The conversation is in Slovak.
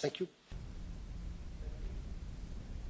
thank you.